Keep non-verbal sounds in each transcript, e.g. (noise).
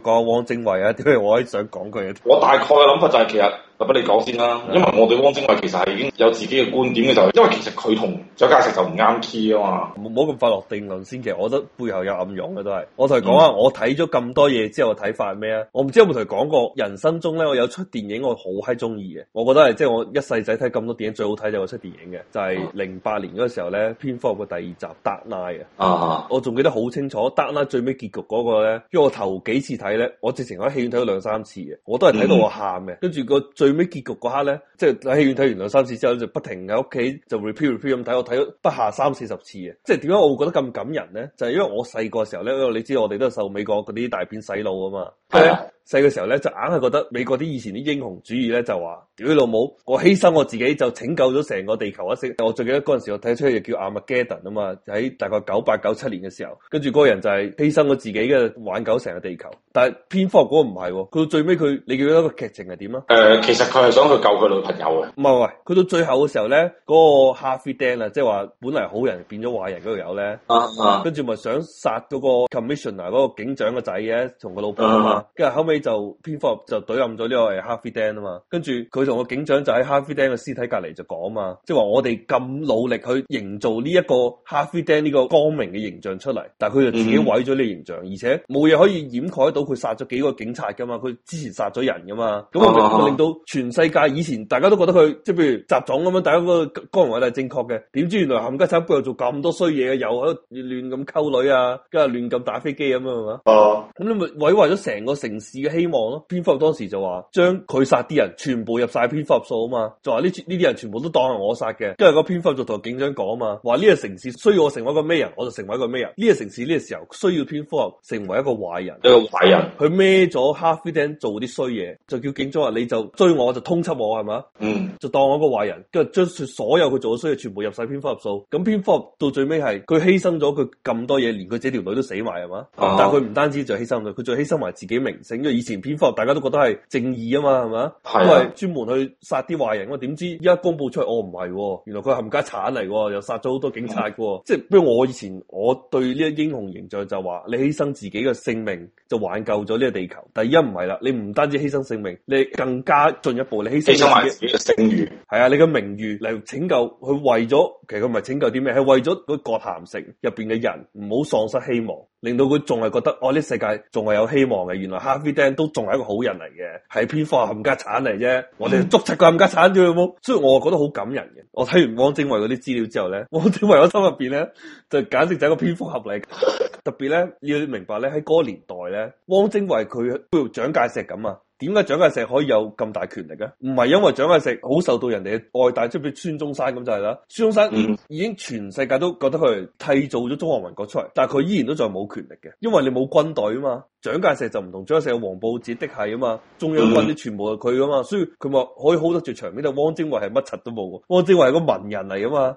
講汪精衛啊，啲嘢我喺想講句，我大概嘅諗法就係其實。唔好你講先啦，嗯、因為我對汪精衛其實係已經有自己嘅觀點嘅就係，因為其實佢同蔣介石就唔啱 key 啊嘛。冇冇咁快落定論先，其實我覺得背後有暗湧嘅都係。我同佢講啊，我睇咗咁多嘢之後嘅睇法係咩啊？我唔知有冇同你講過，人生中咧我有出電影我好閪中意嘅，我覺得係即係我一世仔睇咁多電影最好睇就係出電影嘅，就係零八年嗰時候咧，啊、蝙蝠俠嘅第二集《Dark Knight》。啊！我仲記得好清楚，《Dark Knight》最尾結局嗰個咧，因為我頭幾次睇咧，我直情喺戲院睇咗兩三次嘅，我都係睇到我喊嘅，嗯、跟住個最尾結局嗰刻咧，即係喺戲院睇完兩三次之後，就不停喺屋企就 repeat repeat 咁睇，我睇咗不下三四十次嘅。即係點解我會覺得咁感人咧？就係、是、因為我細個時候咧，因為你知道我哋都係受美國嗰啲大片洗腦啊嘛。係咧，細嘅、嗯、時候咧就硬係覺得美國啲以前啲英雄主義咧就話，屌你老母，我犧牲我自己就拯救咗成個地球啊！成，我最記得嗰陣時我睇出嚟叫阿 d 加 n 啊嘛，喺大概九八九七年嘅時候，跟住嗰個人就係犧牲咗自己嘅挽救成個地球。但係片方嗰個唔係、哦，佢到最尾，佢你記得個劇情係點咯？誒、呃，其實佢係想去救佢女朋友啊！唔係喂，佢到最後嘅時候咧，嗰、那個 d 菲丹啊，即係話本嚟好人變咗壞人嗰度有咧，啊啊、跟住咪想殺嗰個 commissioner 嗰個，個警長嘅仔嘅，同佢老婆啊嘛。啊跟住後尾就蝙蝠就懟冧咗呢位哈菲丹啊嘛，跟住佢同個警長就喺哈菲丹嘅屍體隔籬就講嘛，即係話我哋咁努力去營造呢、這、一個哈菲丹呢個光明嘅形象出嚟，但係佢就自己毀咗呢形象，嗯、而且冇嘢可以掩蓋到佢殺咗幾個警察噶嘛，佢之前殺咗人噶嘛，咁我令到全世界以前大家都覺得佢即係譬如習總咁樣，大家個光榮偉大係正確嘅，點知原來冚家鏟背後做咁多衰嘢，又喺亂咁溝女啊，跟住亂咁打飛機咁啊嘛，哦，咁、啊、你咪毀壞咗成。個城市嘅希望咯，蝙蝠俠當時就話將佢殺啲人，全部入晒蝙蝠俠數啊嘛，就話呢呢啲人全部都當係我殺嘅，跟住個蝙蝠俠同警長講啊嘛，話呢個城市需要我成為一個咩人，我就成為一個咩人。呢、這個城市呢個時候需要蝙蝠俠成為一個壞人，一個壞人，佢孭咗 Harvey 做啲衰嘢，就叫警長話你就追我就通緝我係嘛，嗯、就當我一個壞人，跟住將所有佢做嘅衰嘢全部入晒蝙蝠俠數，咁蝙蝠俠到最尾係佢犧牲咗佢咁多嘢，連佢自己條女都死埋係嘛，嗯、但係佢唔單止就犧牲佢，佢仲犧牲埋自己。啲明星，因為以前蝙蝠大家都覺得係正義啊嘛，係咪，因為是、啊、專門去殺啲壞人，咁點知一家公布出嚟，我唔係，原來佢係冚家鏟嚟，又殺咗好多警察嘅，哦，嗯、即係不過我以前我對呢個英雄形象就話，你犧牲自己嘅性命就挽救咗呢個地球，但係依家唔係啦，你唔單止犧牲性命，你更加進一步，你犧牲埋自己嘅聲譽，係 (laughs) 啊，你嘅名譽嚟拯救佢，為咗其實佢唔係拯救啲咩，係為咗個葛咸城入邊嘅人唔好喪失希望。令到佢仲係覺得我呢、哦、世界仲係有希望嘅。原來哈維丁都仲係一個好人嚟嘅，係蝙蝠俠冚家鏟嚟啫。 (noise) 我哋捉出個冚家鏟，知有冇？所以我覺得好感人嘅。我睇完汪精衛嗰啲資料之後咧，汪精衛我心入邊咧就簡直就係一個蝙蝠俠嚟。 (laughs) 特別咧要明白咧喺嗰個年代咧，汪精衛佢都好似蔣介石咁啊。點解蔣介石可以有咁大權力嘅？唔係因為蔣介石好受到人哋嘅愛戴，即係譬如孫中山咁就係啦。孫中山已已經全世界都覺得佢係替做咗中華民國出嚟，但係佢依然都仲係冇權力嘅，因為你冇軍隊啊嘛。蔣介石就唔同，蔣介石有黃埔子弟，的的係啊嘛，中央軍啲全部係佢啊嘛，所以佢咪可以 hold 得住場面。但係汪精衛係乜柒都冇，汪精衛係個文人嚟啊嘛。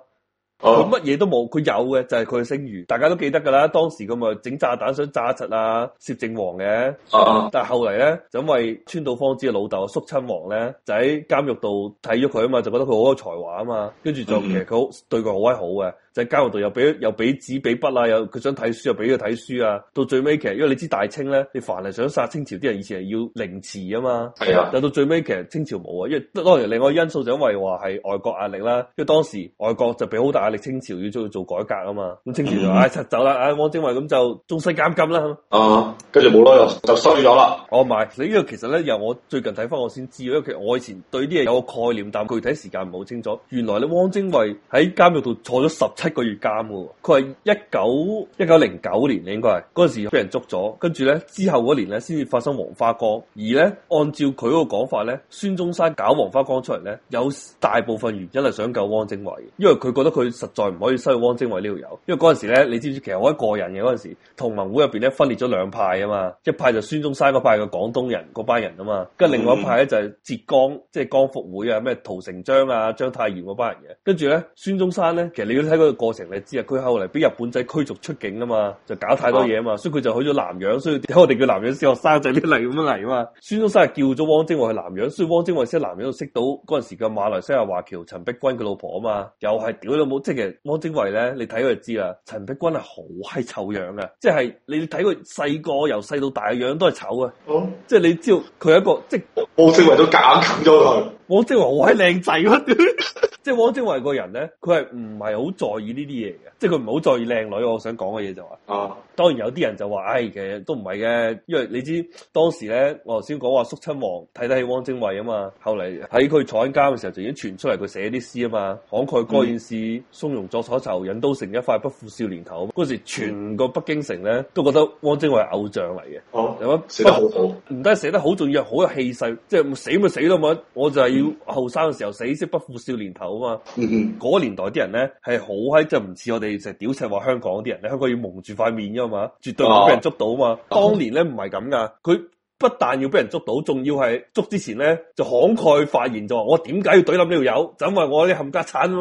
佢乜嘢都冇，佢有嘅就係佢嘅聲譽，大家都記得噶啦。當時咁咪整炸彈想炸窒啊攝政王嘅。啊、但係後嚟咧就因為川島芳子嘅老豆叔親王咧就喺監獄度睇咗佢啊嘛，就覺得佢好有才華啊嘛，跟住就其實佢對佢好鬼好嘅。喺監獄度又俾又俾紙俾筆啊！又佢想睇書又俾佢睇書啊！到最尾其實因為你知大清咧，你凡係想殺清朝啲人，以前係要凌遲啊嘛，係啊嗎！就到最尾其實清朝冇啊，因為當然另外因素就因為話係外國壓力啦，因為當時外國就俾好大壓力清朝要做做改革啊嘛，咁清朝就「唉、嗯哎，走啦！唉，汪精衛咁就終身監禁啦，啊、嗯，跟住冇耐又就收咗啦。哦，唔係，你呢個其實咧由我最近睇翻我先知，因為其實我，我，為我以前對啲嘢有個概念，但係具體時間唔好清楚。原來你汪精衛喺監獄度坐咗十七。一個月監嘅，佢係一九一九零九年嘅，應該係嗰陣時俾人捉咗，跟住咧之後嗰年咧先至發生黃花崗。而咧按照佢嗰個講法咧，孫中山搞黃花崗出嚟，咧有大部分原因係想救汪精衛，因為佢覺得佢實在唔可以失去汪精衛呢條友。因為嗰陣時咧，你知唔知其實我一個人嘅嗰陣時，同盟會入邊咧分裂咗兩派啊嘛，一派就孫中山嗰派嘅廣東人嗰班人啊嘛，跟住另外一派咧就係浙江即係光復會啊，咩陶成章啊、章太炎嗰班人嘅。跟住咧，孫中山咧，其實你要睇佢。個過程你知啊，佢後嚟俾日本仔驅逐出境啊嘛，就搞太多嘢啊嘛，所以佢就去咗南洋，所以我哋叫，叫南洋小學生仔出嚟咁樣嚟啊嘛。孫 (laughs) 中山係叫咗汪精衛去南洋，所以汪精衛喺南洋度識到嗰陣時嘅馬來西亞華僑陳碧君佢老婆啊嘛，又係屌你老母，即係汪精衛咧，你睇佢就知啦。陳碧君係好閪醜樣嘅，即係你睇佢細個由細到大嘅樣都係醜啊，哦、即係你知道佢係一個，即係汪精衛都夾硬咗佢。汪精衛好係靚仔。 (laughs) 即係汪精衛個人咧，佢係唔係好在意呢啲嘢嘅，即係佢唔係好在意靚女。我想講嘅嘢，就話當然有啲人就話，唉，嘅，都唔係嘅，因為你知當時咧，我頭先講話肅親王睇得起汪精衛啊嘛，後嚟，喺佢坐緊監嘅時候，就已經傳出嚟佢寫啲詩啊嘛，慷慨歌燕市，從容作楚囚，引刀成一快，不負少年頭。嗰時全個北京城咧都覺得汪精衛偶像嚟嘅，有乜寫得好？唔得寫得好重要，好有氣勢，即係死咪死咯，我我就係要後生嘅時候死先不負少年頭。嘛，嗰 (noise) (noise) 個年代啲人咧係好閪，就唔似我哋成日屌柒話香港啲人，你香港要蒙住塊面噶嘛，絕對冇俾人捉到啊嘛。當年咧唔係咁噶，佢。不但要俾人捉到，仲要係捉之前咧就慷慨發言，就話我點解要懟冧呢條友？就因為我呢冚家鏟咁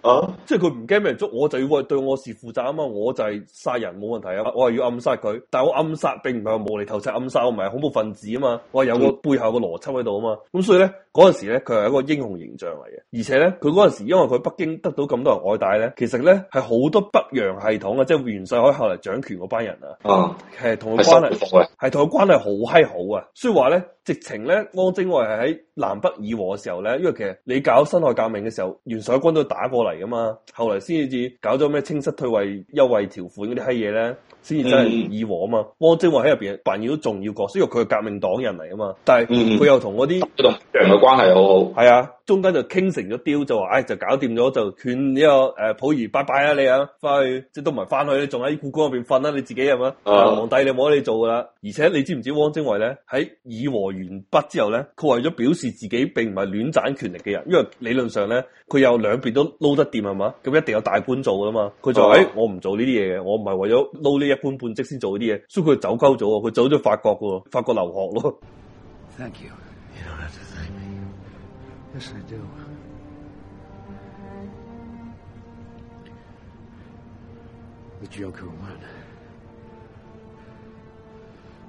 樣，啊、即係佢唔驚俾人捉，我就要為對我事負責啊嘛！我就係殺人冇問題啊，我係要暗殺佢，但係我暗殺並唔係話無厘頭嘅暗殺，我唔係恐怖分子啊嘛！我係有個背後嘅邏輯喺度啊嘛！咁所以咧嗰陣時咧佢係一個英雄形象嚟嘅，而且咧佢嗰陣時因為佢北京得到咁多人愛戴咧，其實咧係好多北洋系統啊，即係袁世凱後嚟掌權嗰班人啊，係同佢關係，係同佢關係好閪好。好啊，所以話咧。直情咧，汪精衛係喺南北議和嘅時候咧，因為其實你搞辛亥革命嘅時候，袁世凱軍都打過嚟噶嘛，後來先至搞咗咩清室退位優惠條款嗰啲閪嘢咧，先至真係議和啊嘛。嗯、汪精衛喺入邊扮演都重要角，雖然佢係革命黨人嚟啊嘛，但係佢又同嗰啲人嘅關係好好。係啊，中間就傾成咗 deal，就話唉，就搞掂咗，就勸呢、這個誒溥儀拜拜啊，你啊，翻去即係都唔係翻去，你仲喺故宮入邊瞓啦，你自己係嘛？啊、皇帝你冇得你做噶啦。而且你知唔知汪精衛咧喺議和？完畢之後咧，佢為咗表示自己並唔係亂斬權力嘅人，因為理論上咧，佢有兩邊都撈得掂係嘛，咁一定有大官做㗎嘛。佢就話、oh, wow. 欸：，我唔做呢啲嘢嘅，我唔係為咗撈呢一官半職先做呢啲嘢。所以佢走鳩咗，佢走咗法國嘅，法國留學咯。Thank you. you